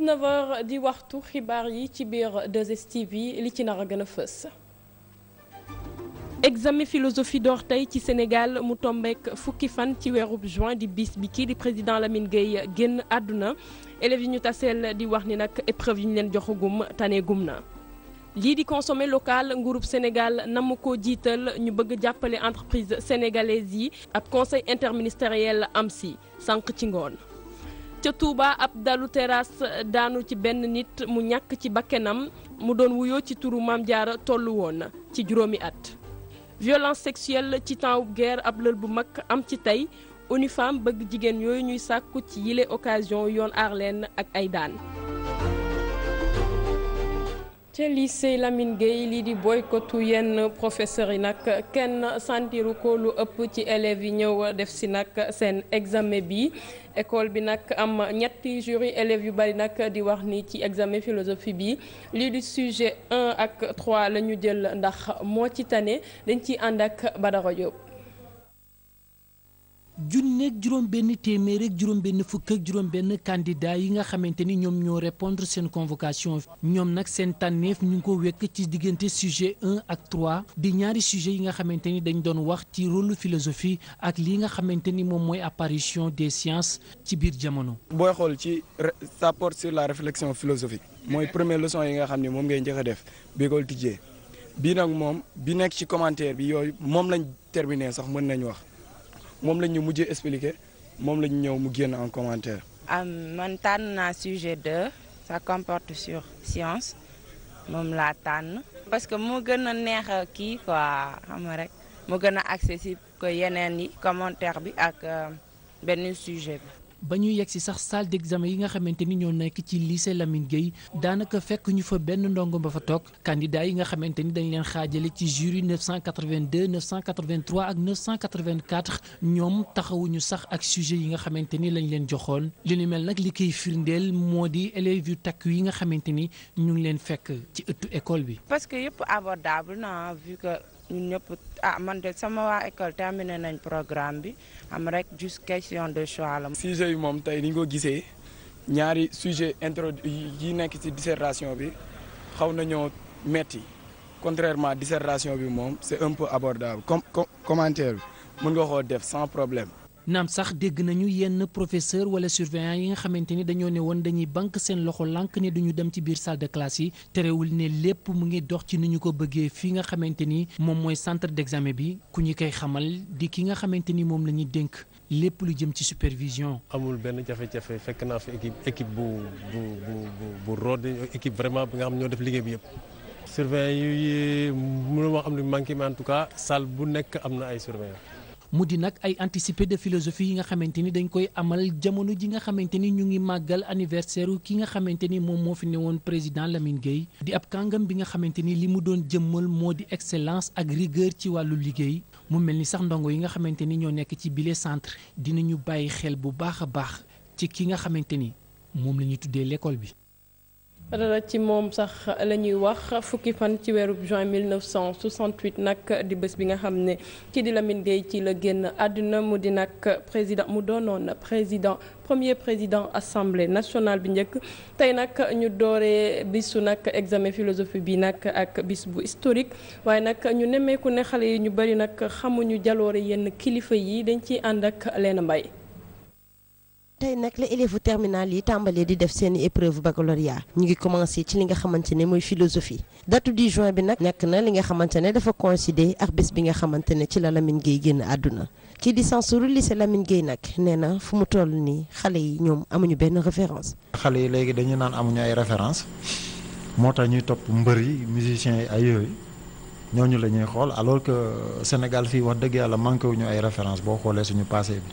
19h di waxtu xibar yi ci biir 2STV li ci examen philosophie d'orteil Sénégal mu Foukifan, fukki fan ci juin di bis bi di président Lamine Gueye genn aduna élèves ñu tassel di wax ni nak épreuve ñu leen di consommer local groupe Sénégal Namuko ko jiital ñu bëgg jappalé entreprise sénégalaise yi conseil interministériel amsi sank ca Touba ab dalu terrasse daanu ci benn nit mu ñàkk ci bakkenam mu doon wuyoo ci turu Maam Jaara tollu woon ci juróomi at violence sexuelle ci temps wu guerre ab lël bu mag am ci tey UNIFEM bëgg jigéen yooyu ñuy sàkku ci yile occasion yoon aar ak ay daan ca lycée Lamine Gueye li di boycottu yenn professeurs yi nag kenn santiru ko lu ëpp ci élèves yi ñëw def si nak seen examen bi école bi nak am ñetti jury élèves yu bari nak di wax ni ci examen philosophie bi li di sujet 1 ak 3 la ñu jël ndax mo ci tané dañ ci ànd ak Badara Diop junneeg juróom-benn téméré ak juróom-benn fukk ak juróom-benn candidat yi nga xamanteni ñom ñoo répondre seen convocation ñom nak seen tànneef ñu ko wekk ci diggante sujet 1 ak 3 di ñaari sujet yi nga xamanteni dañ doon wax ci rôle philosophie ak li nga xamanteni mom moy apparition des sciences ci biir jamono. boy xol ci ça porte sur la réflexion philosophique moy première leçon yi nga xamni mom moom ngay njëkk a def bi koy tijjee bii nag bi nek ci commentaire bi yoy mom lañ terminer sax mën nañ wax mom lañ ñu mujjee expliqué moom lañ ñëw mu génn en commentaire. am man tànn na sujet 2 ça comporte sur science mom la tànn. parce que mo gëna a neex kii quoi xam nga rek mo gëna a accessible que yeneen yi commentaire bi ak euh, benn sujet bi. ba ñu yegg si sax salle d'examen yi nga xamante ni ñoo nekk ci lycée Lamine Gueye daanaka fekk ñu fa benn ndongo ba fa toog candidat yi nga xamante ni dañ leen xaajale ci jury 982 ak ñoom taxawuñu sax ak sujet yi nga xamante ni lañ leen joxoon li ni mel nag li koy firndeel moo di élèves yu takk yi nga xamante ni ñu ngi leen fekk ci ëttu école bi. parce que yëpp abordable na vu ñun ñëpp ah man terminé nañ programme bi am rek juste question de choix la. sujet yi moom tey ni sujet yi nekk ci dissertation bi contrairement dissertation bi c'est un peu abordable commentaire bi nga koo sans problème. naam sax dégg nañu yenn professeur wala surveillant yi nga xamante ni dañoo ne woon dañuy bank seen loxo lank ne duñu dem ci biir salle de classe yi terewul ne lépp mu ngi dox ci ni ñu ko bëggee fi nga xamante ni moom mooy centre d'examen bi ku ñu koy xamal di ki nga xamante ni moom la ñuy dénk lépp lu jëm ci supervision. amul benn jafe-jafe fekk naa fi équipe équipe bu bu bu bu rood équipe vraiment bi nga xam ñoo def liggéey bi yëpp. surveillant yi mënul wax am lu manqué mais tout cas salle bu nekk am na ay surveillant mu di nag ay anticipé de philosophie yi nga xamante ni dañu koy amal jamono ji nga xamante ni ñu ngi màggal anniversaire ki nga xamante ni moom moo fi woon président Lamine Gueye di ab kàngam bi nga xamante ni li mu doon jëmal moo di excellence ak rigueur ci wàllu liggéey mu mel ni sax ndongo yi nga xamante ni ñoo nekk ci bile centre dinañu bàyyi xel bu baax a baax ci ki nga xamante ni moom la ñuy tuddee lekkool bi dara ci moom sax lañuy wax fukki fan ci wéru juin 1968 nak di bëss bi nga xamné ci di Lamine Gueye ci la génn aduna mu di nag président mu donon président premier président assemblée nationale bi ñëk tay nak ñu doré bisu nak examen philosophie bi nak ak bis bu historique waaye nak ñu némé ku ne xalé yi ñu bari nak xamu ñu jaloore yenn kilifa yi dañ ci and ak leen Mbaye tey nag la élèves terminale yi tàmbalee di def seen i baccalauréat ñu ngi commencé ci li nga xamante ne philosophie date du juin bi nag nekk na li nga xamante ne dafa coïncider ak bés bi nga xamante ci la Lamine Gueye aduna. àdduna kii di Sansour lycée Lamine Gueye nag nee na fu mu toll nii xale yi ñoom amuñu benn référence. xale yi léegi dañu naan amuñu ay référence moo tax ñuy topp mbër yi musiciens yi ay yooyu ñooñu la ñuy alors que Sénégal fii wax dëgg yàlla manqué wuñu ay référence boo xoolee suñu passé bi.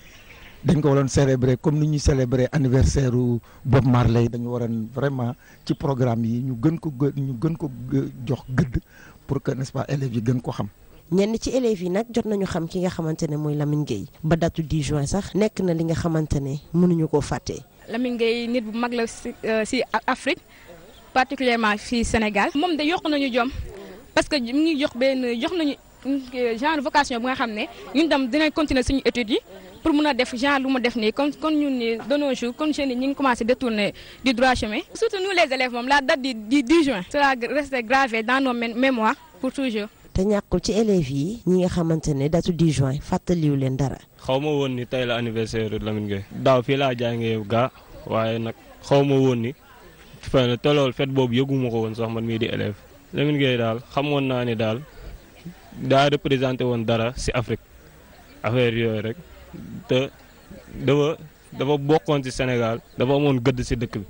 dañ ko waroon célébrer comme ni ñuy célébrer anniversaire u Bob Marley dañu waroon vraiment ci programme yi ñu gën ko ñu gën ko jox gëdd pour que n'est-ce pas élèves yi gën ko xam. ñenn ci élèves yi nag jot nañu xam ki nga xamante ne mooy Lamine Gueye ba datu 10 juin sax nekk na li nga xamante ne mënuñu koo fàtte. Lamine Gueye nit bu mag la si si euh, Afrique particulièrement fii Sénégal. moom de yokk nañu jom parce que ngi jox benn jox nañu genre vocation bu nga xam ne ñun tam dinañ continuer suñu études yi. pour mon a def genre lu mu def nii comme comme ñun ni de nos jours comme jeunes yi ñu commencé détourner du droit chemin surtout nous les élèves mom la date du 10 juin Cela reste gravé dans nos mémoires pour toujours. té ñakul ci élèves yi ñi nga xamante ne datu 10 juin fàttaliwu len dara. xawma won ni tay la anniversaire Lamine Gueye. daaw fii laa jàngee gaa waaye nag xaw ma ni fay na te loolu fête bobu yëguma ko won sax man mi di élève Lamine Gueye daal xamoon na ni dal da représenter won dara ci Afrique affaire yoy rek te dafa dafa bokkoon ci Sénégal dafa amoon gëdd ci dëkk bi.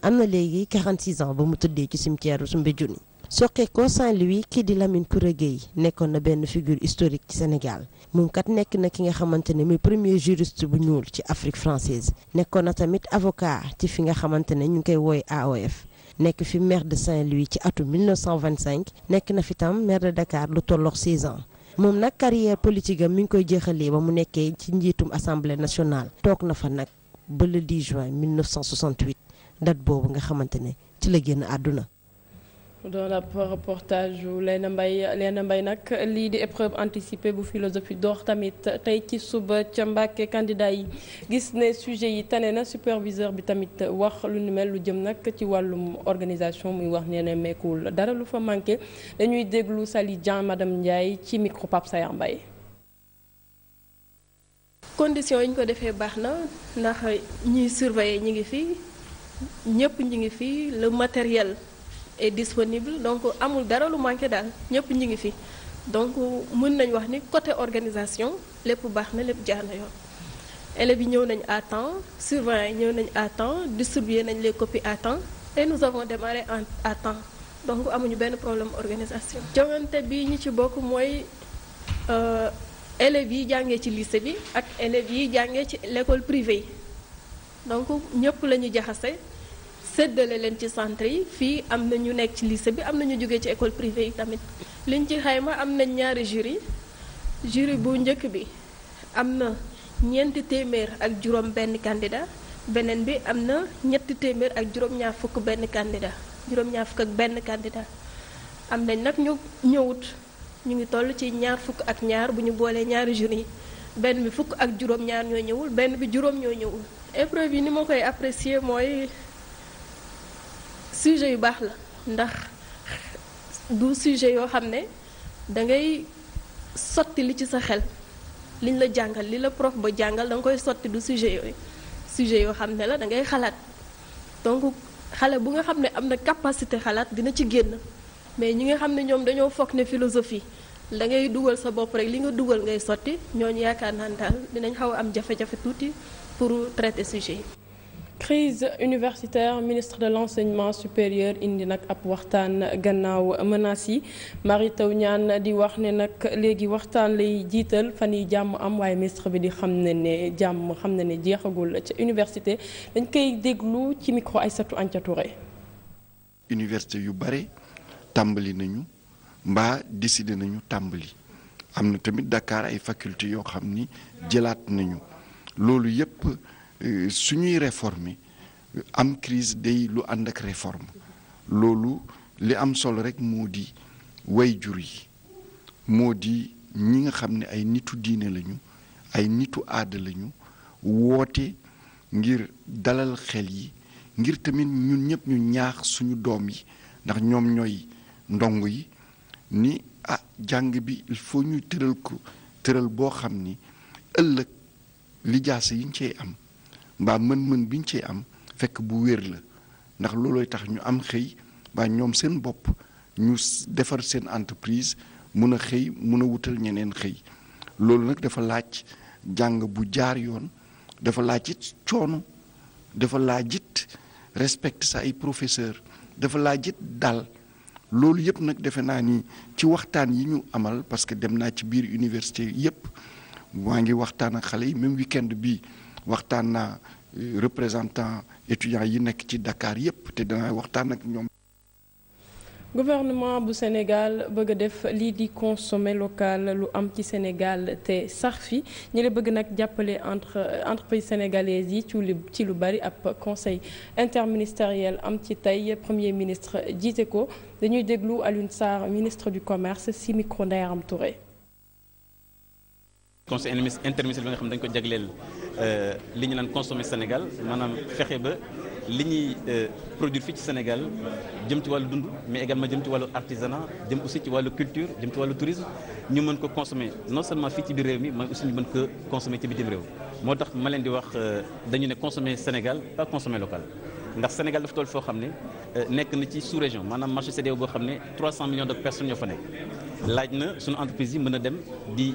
am na léegi 46 ans ba mu tëddee ci cimetière Soumbédioune. soqe ko Saint-Louis kii di Lamine Koura Gueye nekkoon na benn figure historique ci Sénégal moom kat nekk na ki nga xamante ne muy premier juriste bu ñuul ci Afrique française nekkoon na tamit avocat ci fi nga xamante ne ñu ngi koy wooye AOF nekk fi maire de Saint-Louis ci atum 1925 nekk na fi tam maire de Dakar lu tollox 6 ans. moom nag carrière politique am mi ngi koy jeexalee ba mu nekkee ci njiitum assemblée nationale toog na fa nag ba le 10 juin 1968 date boobu nga xamante ne ci la génn àdduna. dans le reportage où Mbaye Leena Mbaye nag li di épreuve anticipée bu philosophie door tamit tay ci suba ci Mbàkke candidat yi gis né sujet yi tane na superviseur bi tamit wax lu ni mel lu jëm nak ci walum organisation muy wax né né mekul dara lu fa manké dañuy déglu Sali Jean madame Ndiaye ci micro Pape Sayar Mbaye condition yi ko défé baxna na ndax ñi surveiller ñi ngi fi ñëpp ñi ngi fi le matériel est disponible donc amul dara lu manqué daal ñëpp ñu ngi fi donc mën nañ wax ni côté organisation lepp bax na lepp jaar na yoon élèves ñëw nañ à temps surveillants yi ñëw nañ à temps distribuer nañ les copies à temps et nous avons démarré en à temps donc amuñu ben problème organisation joŋante bi ñi ci bokk moy euh élèves yi jàngee ci lycée bi ak élèves yi jàngee ci l'école privée donc ñëpp lañu jaxassé séddale leen ci centre yi fii am na ñu nekk ci lycée bi am na ñu jógee ci école privée yi tamit liñ ci xayma am na ñaari jury jury bu njëkk bi am na ñeenti téeméer ak juróom benn candidat beneen bi am na ñetti téeméer ak juróom-ñaar fukk benn candidat juróom ak benn candidat am nañ nag ñu ñëwut ñu ngi toll ci ñaar fukk ak ñaar bu ñu boolee ñaari jury yi benn bi fukk ak juróom-ñaar ñoo ñëwul benn bi juróom ñoo ñëwul épreuve yi ni ma koy apprécier mooy sujet yu baax la ndax du sujet yoo xam ne da ngay sotti li ci sa xel liñ la jàngal li la prof ba jàngal da koy sotti du sujet yooyu sujet yoo xam ne la da ngay xalaat donc xale bu nga xam ne am na capacité xalaat dina ci génn mais ñi nga xam ne ñoom dañoo foog ne philosophie da ngay dugal sa bopp rek li nga dugal ngay sotti ñooñu yaakaar naan daal dinañ xaw a am jafe-jafe tuuti pour traiter sujet yi crise universitaire ministre de l'enseignement supérieur indi Apwartan, Ganao waxtaan gannaaw menaces yi Mary Teuw Niane di wax ne nag lay ministre bi di diam ne ne université dañ koy Timikro ci micro Aïssatou université yu baré Nenu, nañu décide décidé nañu tàmbali am tamit Dakar ay faculté yoo xam Nenu. Lolu nañu Euh, suñuy réforme am crise day lu ànd ak réforme loolu li am solo rek moo di way jur yi moo di ñi nga xam ne ay nitu diine lañu ay nitu aada lañu woote ngir dalal xel yi ngir tamit ñun ñëpp ñu ñaax suñu doom yi ndax ñoom ñooy ndong yi ni ah jàng bi il faut ñu tëral ko tëral boo xam ni ëllëg lijaasa yi ñu cee am mbaa mën-mën biñ ci am fekk bu wér la ndax loolooy tax ñu am xëy mbaa ñoom seen bopp ñu defar seen entreprise mun a xëy mun a wutal ñeneen xëy loolu nag dafa laaj jàng bu jaar yoon dafa laaj coono dafa laaj it respecte sa ay professeur dafa laaj it dal loolu yëpp nag defe naa ni ci waxtaan yi ñu amal parce que dem naa ci biir université yëpp waa ngi waxtaan ak xale yi même weekend bii waxtana euh, représentant étudiants yi nek ci Dakar yépp té dana waxtana ak ñom gouvernement bu Sénégal bëgg def li di consommer local lu am ci Sénégal té sax fi ñi la bëgg nak jàppale entre euh, entreprise sénégalaises yi ci lu bari ap conseil interministériel am ci tay premier ministre jiite ko dañuy déglu Alioune Sarr ministre du commerce ci micro Ndeye Touré conseil interministériel bi nga xam dañ ko jagleel euh, li ñu naan consommer Sénégal maanaam fexe ba li ñuy euh, produire fii ci Sénégal jëm ci wàllu dund mais également jëm ci wàllu artisanat jëm aussi ci wàllu culture jëm ci wàllu tourisme ñu mën ko consommer non seulement fii ci biir réew mi mais aussi ñu mën ko consommer ci bitim réew moo tax ma leen di wax euh, dañu ne consommer Sénégal pas consommer local ndax Sénégal dafa toll foo xam ne nekk na ci sous région maanaam marché CEDEAO boo xam 300 millions de personnes ñoo fa nekk laaj na suñu entreprise yi mën dem di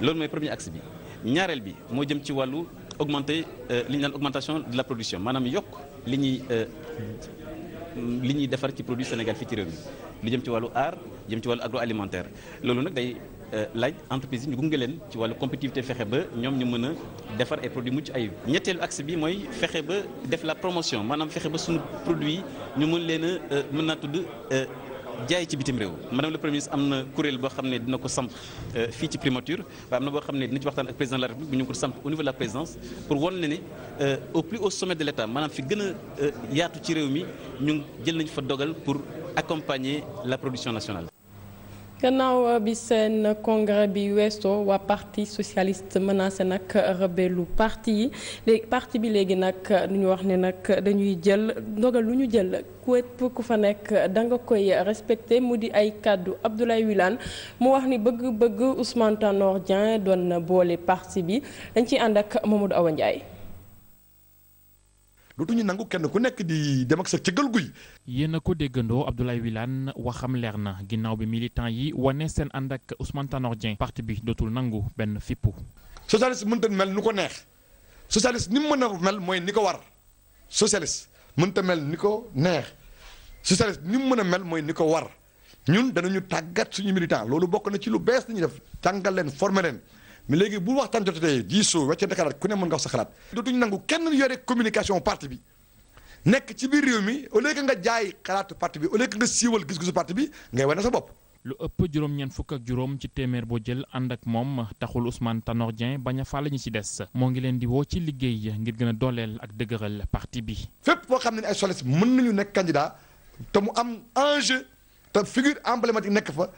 Lors mes premier axe bi ñaareel bi moo jëm ci augmenter euh, li augmentation de la production Madame Yok, li ñuy euh, li qui ci produit Sénégal fii ci réew mi lu jëm ci jëm ci agroalimentaire Lors nag day euh, laaj entreprise yi ñu gunge leen ci wàllu compétitivité fexe ba ñoom ñu mën a defar ay produits mucc ayib axe bi moi fexe ba def la promotion Madame fexe ba suñu produit ñu mën leen a mën jaay ci bitim réew madame le premier ministre am na kuréel boo ne dina ko samp euh, fi ci primature waaye amna na boo ne dina ci waxtan ak président de la république ñu ko samp au niveau de la présidence pour wan ne euh, au plus haut sommet de l'État. manam fi gën euh, yaatu ci réew mi ñu jël nañ fa dogal pour accompagner la production nationale gannaaw bi seen congrès bi weesoo waa parti socialiste menacé nag rebellu parti yi léegi parti bi léegi nag lu ñu wax ne nag dañuy jël ndogal lu ñu jël képp ku fa nekk da nga koy respecté mu di ay kàddu Abdoulaye wilaan mu wax ni bëgg-bëgg Ousmane Tanor Dieng doon boole parti bi dañ ciy ànd ak Mamadou Awa Ndiaye dootuñu nangu kenn ku nekk di dem ak sa cëggal guy. yéen a ko déggandoo Abdoulaye Wilane waxam leer na ginnaaw bi militant yi wane seen ànd ak Ousmane Tanor Dieng parti bi dootul nangu benn fippu. socialiste mënta mel nu ko neex socialiste ni mu mën a mel mooy ni ko war socialiste mënta mel ni ko neex socialiste ni mu mën a mel mooy ni ko war ñun danañu tàggat suñu militant loolu bokk na ci lu bees nañu def jàngal leen former leen. mais léegi bu waxtaan jotatee diisoo weccante xalaat ku ne mën nga wax sa xalaat dootuñu nangu kenn yore communication parti bi nekk ci biir réew mi au lieu nga jaay xalaatu parti bi au lieu nga siiwal gis-gisu parti bi ngay wane sa bopp lu ëpp juróom-ñeent fukk ak juróom ci téeméer boo jël ànd ak moom taxul Ousmane Tanor Dieng bañ a fàll ñi ci des moo ngi leen di woo ci liggéey ngir gën a dooleel ak dëgëral parti bi fépp foo xam ne ay solis mën nañu nekk candidat te mu am enjeu te figure emblématique nekk fa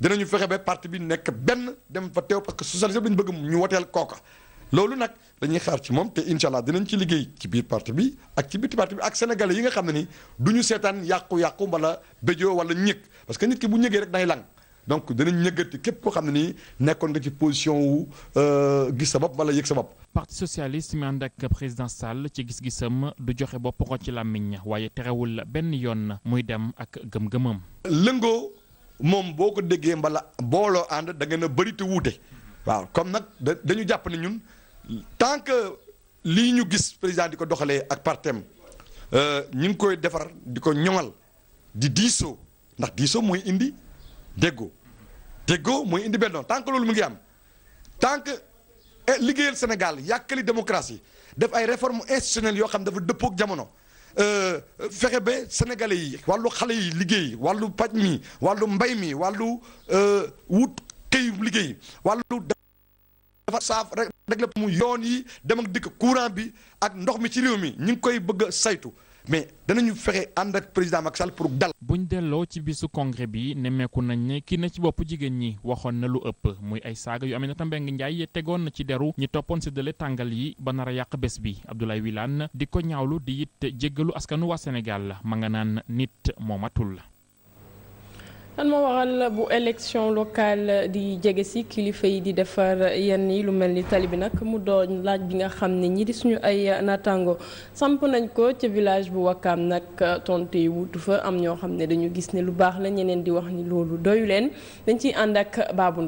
dinañu fexe ba parti bi nekk benn dem fa teew parce que socialiste lañu bëgg ñu woteel kooka loolu nag dañuy xaar ci moom te incha allah dinañ ci liggéey ci biir parti bi ak ci biti parti bi ak sénégalais yi nga xam ne ni du ñu seetaan yàqu-yàqu wala béjoo wala ñëg parce que nit ki bu ñëgee rek day lang donc danañ ñëggati képp koo xam ne nii nekkoon nga ci position wu euh, gis sa bopp wala yëg sa bopp. parti socialiste mi ànd ak président Sall ci gis-gisam du joxe bopp ci làmmiñ waaye terewul benn yoon muy dem ak gëm-gëmam. moom boo ko déggee mbala booloo ànd da ngeen a bëri te wuute waaw comme nag dañu jàpp ne ñun tant que lii ñu gis président di ko doxalee ak partem euh, ñu ngi koy defar di ko ñoŋal di diisoo ndax diisoo mooy indi déggoo déggoo mooy indi bennoo tant que loolu mu ngi am tant que eh, liggéeyal Sénégal yàkkali démocratie def ay réformes institutionnelles yoo xam dafa dëppook jamono. Euh, fexe ba sénégalais yi wàllu xale yi liggéey wàllu paj mi wàllu mbay mi wàllu euh, wut këy liggéey wàllu dafa saaf rek rek la mu yoon yi dem dikk courant bi ak ndox mi ci réew mi ñu ngi koy bëgg saytu mais danañu fexe ànd ak président Macky Sall pour dal. buñ delloo ci bisu congrès bi nemmeeku nañ ne kii na ci boppu jigéen ñi waxoon na lu ëpp muy ay saaga yu Aminata Mbengue Ndiaye tegoon na ci deru ñi toppoon séddale tàngal yi ba nar a yàq bés bi Abdoulaye Wilane di ko ñaawlu di it jéggalu askanu waa Sénégal ma nga naan nit moomatul la lan moo waral bu élection locale di jege si kilifa yi di defar yenn yi lu mel ni tali bi nag mu doon laaj bi nga xam ne ñi di suñu ay naataango samp nañ ko ca village bu Wakam nag tontu yi wutu fa am ñoo xam ne dañu gis ne lu baax la ñeneen di wax ni loolu doyu leen dañ ciy ànd ak Babou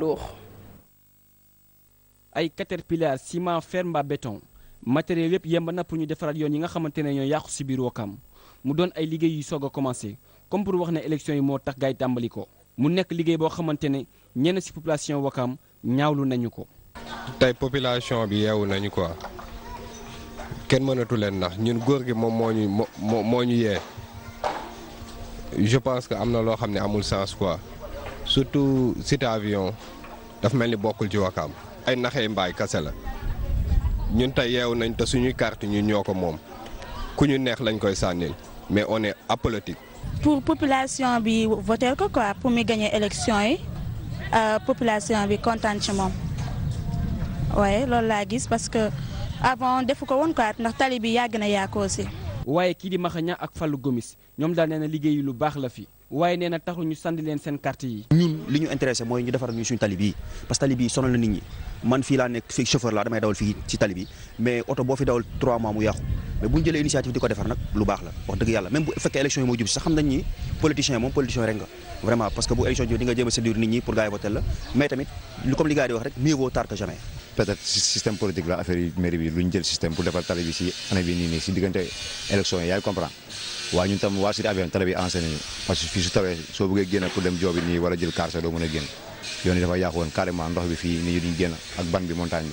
ay caterpillar ciment ferme mbaa béton matériel yëpp yemb na pour ñu defaral yoon yi nga xamante ne ñoo yàqu si biir Wakam mu doon ay liggéey yu soog a commencé comme pour wax né élection yi mo tax gay yi ko mu nek liguey bo xamante ne ci population wakam ñaawlu nañu ko. tay population bi yewu nañu quoi ken mënatu leen ndax ñun góor gi moom moñu ñu moo je pense que amna lo xamné amul sens quoi surtout cet Avion daf melni bokul ci wakam ay naxé mbaay kase la ñun tay yewu nañ te suñu carte ñun ñoko mom moom ku ñu neex lañ koy sanel mais on est apolitique pour population bi voter ko quoi pour mu gagner élection yi euh, population bi kontaan ci moom waaye loolu parce que avant defu ko woon quoi ndax tali bi yàgg na yaakoo si. waaye kii di ak Fallou Gomis ñoom daal nee na liggéey lu baax la fi waaye nee na taxu ñu sandi leen seen carte yi. ñun li intéressé mooy ñu defar ñu suñu tali bii parce que tali bii sonal na nit ñi man fi la nek fii chauffeur laa damay dawal fi ci tali bi mais auto bo fi dawal 3 mois mu yàqu. mais bu ñu initiative di ko defar nag lu baax la wax dëgg yàlla même bu fekkee élection yi moo jub sax xam nañ ni politicien moom politicien rek nga vraiment parce que bu élection yi nii nii si diggante élection yi yaay comprendre waaye ñun tam waa Sud AVM tali bi enseigné ñu parce que fii su tawee soo bëggee génn pour dem joobi nii wala jël car sa doo mën a génn yoon yi dafa yàqu woon ndox bi fii nii duñ génn ak ban bi montagne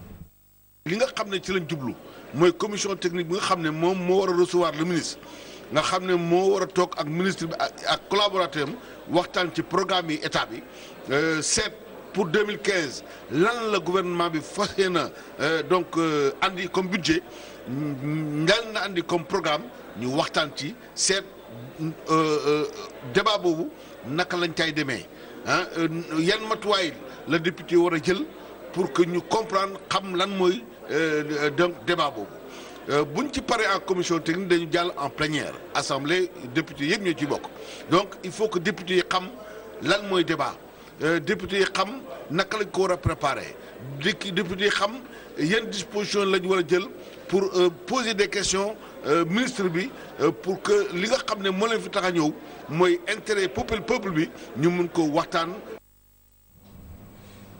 li nga xamné ci lañ djublu moy commission technique bi nga xamné mom mo wara recevoir le ministre nga xamné mo wara tok ak ministre bi ak collaborateur waxtan ci programme yi état bi euh seet pour 2015 lan la gouvernement bi fas euh donc euh, andi comme budget lan na andi comme programme ñu waxtan ci euh, euh débat bobu naka lañ cay demee ah yan matuay la député wara jël pour que ñu comprendre xam lan moy euh, donc débat beaucoup. buñ en commission technique en plénière assemblée député donc il faut que député députés xam débat député euh, députés xam préparer député disposition pour euh, poser des questions ministre pour que les nga xam fi peuple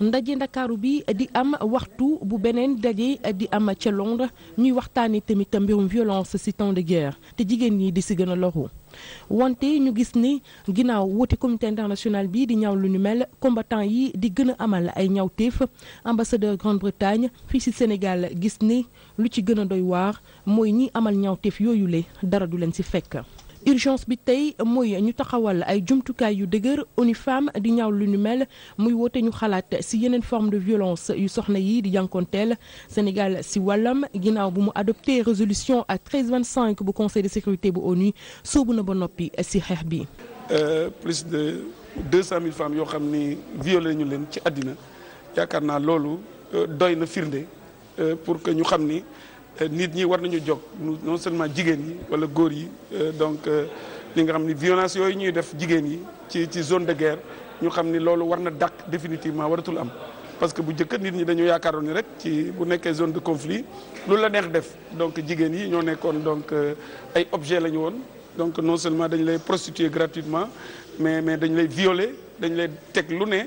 ndaje ndakaaru bi di am waxtu bu beneen daje di am ca Londres ñuy waxtaanee tamit mbirum violence ci temps de guerre te jigéen ñi di ci gën a loru wante ñu gis ni ginnaaw woote comité international bi di ñaw lu ñu mel combattant yi di gën a amal ay ñawteef ambassadeur Grande-Bretagne fii ci Sénégal gis ni lu ci gën a doy waar mooy ñi amal ñawteef yooyu le dara du leen ci fekk. urgence bi tey mooy ñu taxawal ay jumtukaay yu dëgër ONU di ñaaw lu ñu mel muy wote ñu xalaat si yeneen forme de violence yu soxna yi di jànkoonteel Sénégal si wàllam ginnaaw bu mu adopté résolution à 1325 bu conseil de sécurité bu ONU soobu na ba noppi si xeex bi. Euh, plus de 200 000 femmes yoo xam ni violé ñu leen ci àddina yaakaar naa loolu euh, doy na firnde euh, pour que ñu xam nit ñi war nañu jog non seulement jigen yi wala góor yi euh, donc euh, li nga xamni violence yoy ñuy def jigen yi ci ci zone de guerre ñu xamni ni loolu war na dak définitivement waratul am parce que bu njëkk nit ñi dañu yaakaaroon rek ci bu nekkee zone de conflit lu la neex def donc jigen yi ñoo nekkoon donc euh, ay objet lañu woon donc non seulement dañ lay prostituer gratuitement mais mais dañ lay violer dañ lay teg lu ne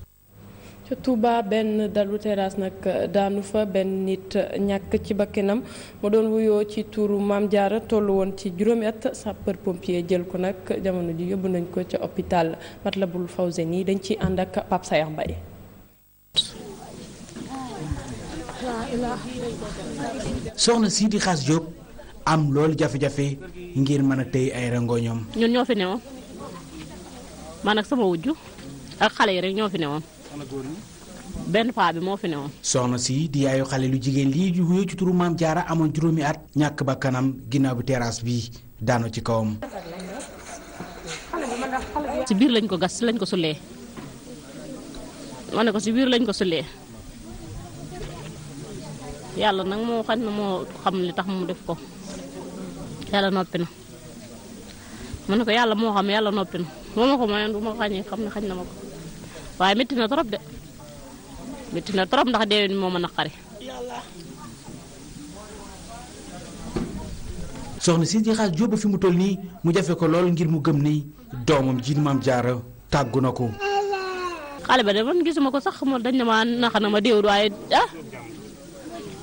ca Touba benn dalu terrasse nag euh, daanu fa benn nit euh, ñàkk ci bakkanam ma doon wuyoo ci tuuru Maam Jaara tollu woon ci juróomi at sapeur pompier jël ko nag jamono ji yóbbu nañ ko ca hôpital Matlaboul Fawzeyni dañ ciy ànd ak Pape Sayar Mbaye soxna sii di xaas Diop am loolu jafe-jafe ngir mën a téye ay rangoñoom ñun ñoo fi newoon man ak sama wujju ak xale yi rek ñoo fi newoon ben paa bi mo fi won soxna si di yaayu xale lu jigen li ju wéy ci turu maam jaara amon juroomi at ñak ba kanam ginaaw bi terrasse bi daano ci kawam. ci bir lañ ko gas lañ ko sulé ma ko ci bir lañ ko sulé yalla nak mo xam ne xam li tax mu def ko yalla noppi na mané ko yalla mo xam yalla noppi na mo ko xam na waaye metti na torop de metti na torop ndax deewen moo mën xari soxna si di xaaj fi mu tol ni mu jafé ko lol ngir mu gëm ni domam jinn mam jaara tàggu na xale ba de man gisuma ko sax mo dañ na ma nax ma deewu waaye ah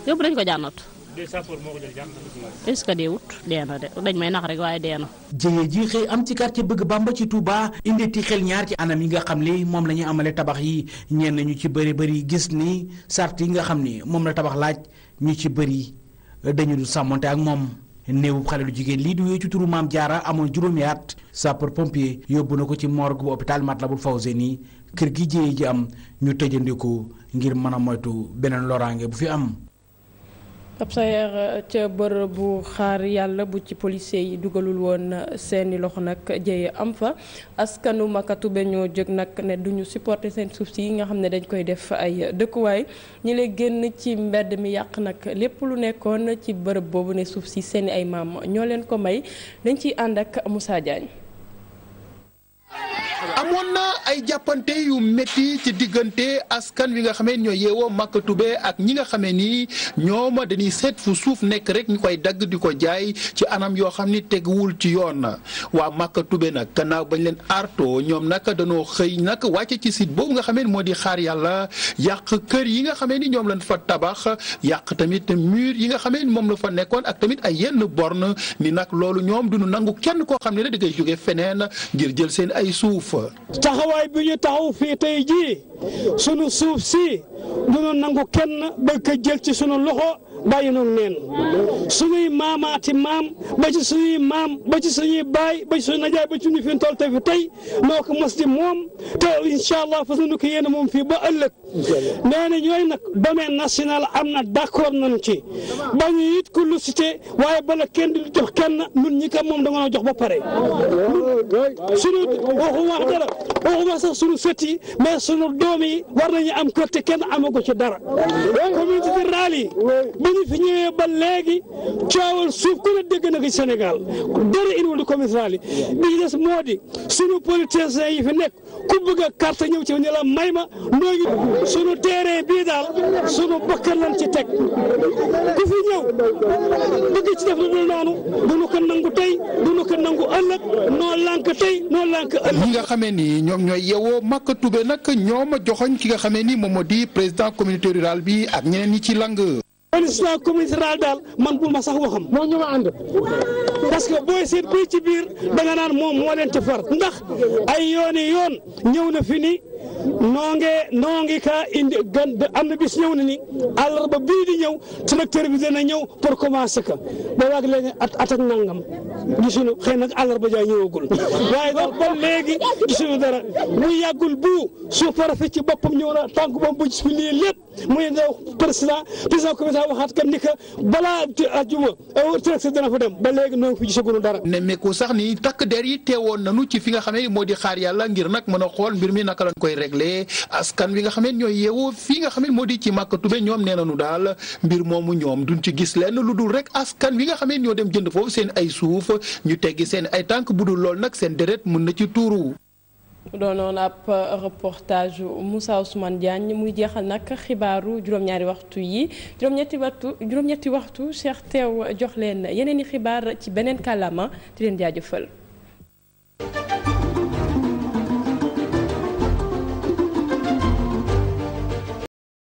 yóbbu dañ ko jannatu est ce que dee wut dee na de dañ may nax rek waaye dee na. jëye ji xëy am ci quartier bëgg Bamba ci Touba indeeti xel ñaar ci anam yi nga xam ni moom la ñuy amale tabax yi ñenn ñu ci bëri bëri gis ni sart yi nga xam ni moom la tabax laaj ñu ci bëri dañu du sàmmonte ak moom. néewu xale lu jigéen lii di wéy ci turu maam jaara amoon juróomi at sapeur pompier yóbbu na ko ci morgue bu hôpital Matlaboul nii kër gi jéye ji am ñu tëjandi ngir mën a moytu beneen loraange bu fi am. ab sayer ca bërëb bu xaar yàlla bu ci policier yi dugalul woon seeni loxo nag jëye am fa askanu makatube ñoo jóg nag ne duñu supporter seen suuf si yi nga xam ne dañ koy def ay dëkkuwaay ñi lay génn ci mbedd mi yàq nag lépp lu nekkoon ci bërëb boobu ne suuf si seeni ay maam ñoo leen ko may dañ ciy ànd ak Moussa Diagne amoon na ay jàppante yu métti ci diggante askan wi nga xamee ñoo yeewoo màkk tube ak ñi nga xamee ni ñooma dañuy seet fu suuf nekk rek ñu koy dagg di ko jaay ci anam yoo xam ni teguwul ci yoon waa màkk tube nag gannaaw bañ leen arto ñoom nag dañoo xëy nag wàcce ci site boobu nga xamee ni moo di xaar yàlla yàq kër yi nga xamee ni ñoom lañ fa tabax yàq tamit mur yi nga xamee ni moom la fa nekkoon ak tamit ay yenn borne ni nag loolu ñoom duñu nangu kenn koo xam ne di koy jóge feneen ngir jël seen ay suuf fa. taxawaay bi ñu taxaw fii tey ji sunu suuf si du nu nangu kenn bëgg ko jël ci sunu loxo. bàyyi noonu neen suñuy maamaati maam ba ci suñuy maam ba ci suñuy baay ba ci suñuy najaay ba ci ñu fi toll tey fi tey noo ko mos di moom te incha allah fas nañu ko yéene moom fii ba ëllëg nee na yooyu nag domaine national am na d' accord nañu ci bañu it ku lu cité waaye bala kenn di jox kenn ñun ñi ko moom dama jox ba pare suñu waxu wax dara waxu wax sax suñu doom yi war nañu am kër te kenn amagu ci dara communauté rurale yi ñu fi ñëwee ba léegi coowal suuf ku ne dégg na ko Sénégal dara indiwul di commissariat yi bi ñu des moo di sunu politiciens yi fi nekk ku bëgg a carte ñëw ci ne la ma noo ngi sunu terrain bii daal sunu bakkan lan teg ku fi ñëw bëgg ci def lu dul noonu duñu ko nangu tey duñu ko nangu ëllëg noo lank tey noo lank ëllëg ñi nga xamee ni ñoom ñooy yewoo Maka Touré nag ñoom a joxoñ ki nga xamee ni moom moo di président communauté rural bi ak ñeneen ñi ci lang président communauté rurale daal man bul ma sax waxam. moo ñu ma ànd. parce que booy seet kuy ci biir nga naan moom moo leen ci far ndax ay yooni yoon ñëw na fi ni noonge noonge ka indi gan am na bis ñëw na ni àllarba bii di ñëw tracteur bi dana ñëw pour commencer ka ba waag léegi at at ak nangam gisuñu xëy na àllarba jaay ñëwagul waaye donc ba léegi gisuñu dara muy yàggul bu sous-préfet ci boppam ñëw na tànk bam bu gis fi lii lépp muy ndaw président président comité waxaat ka ni que balaa ajuma tracteur dana fa dem ba léegi noo fi gisaguñu dara. ne meeku sax ni takk der yi na nañu ci fi nga xam ne moo di xaar yàlla ngir nag mën xool mbir mi naka lañ koy réglé askan wi nga xam ne ñooy yeewoo fii nga xam ne moo di ci màkk be ñoom nee na nu daal mbir moomu ñoom duñ ci gis lenn lu dul rek askan wi nga xamee ñoo dem jënd foofu seen ay suuf ñu teggi seen ay tànk bu dul lool nag seen deret mën na ci tuuru. doonoon ab reportage Moussa Ousmane Diagne muy jeexal nag xibaaru juróom-ñaari waxtu yi juróom-ñetti waxtu juróom teew jox leen yeneen i xibaar ci beneen kàllaama di leen jaajëfal.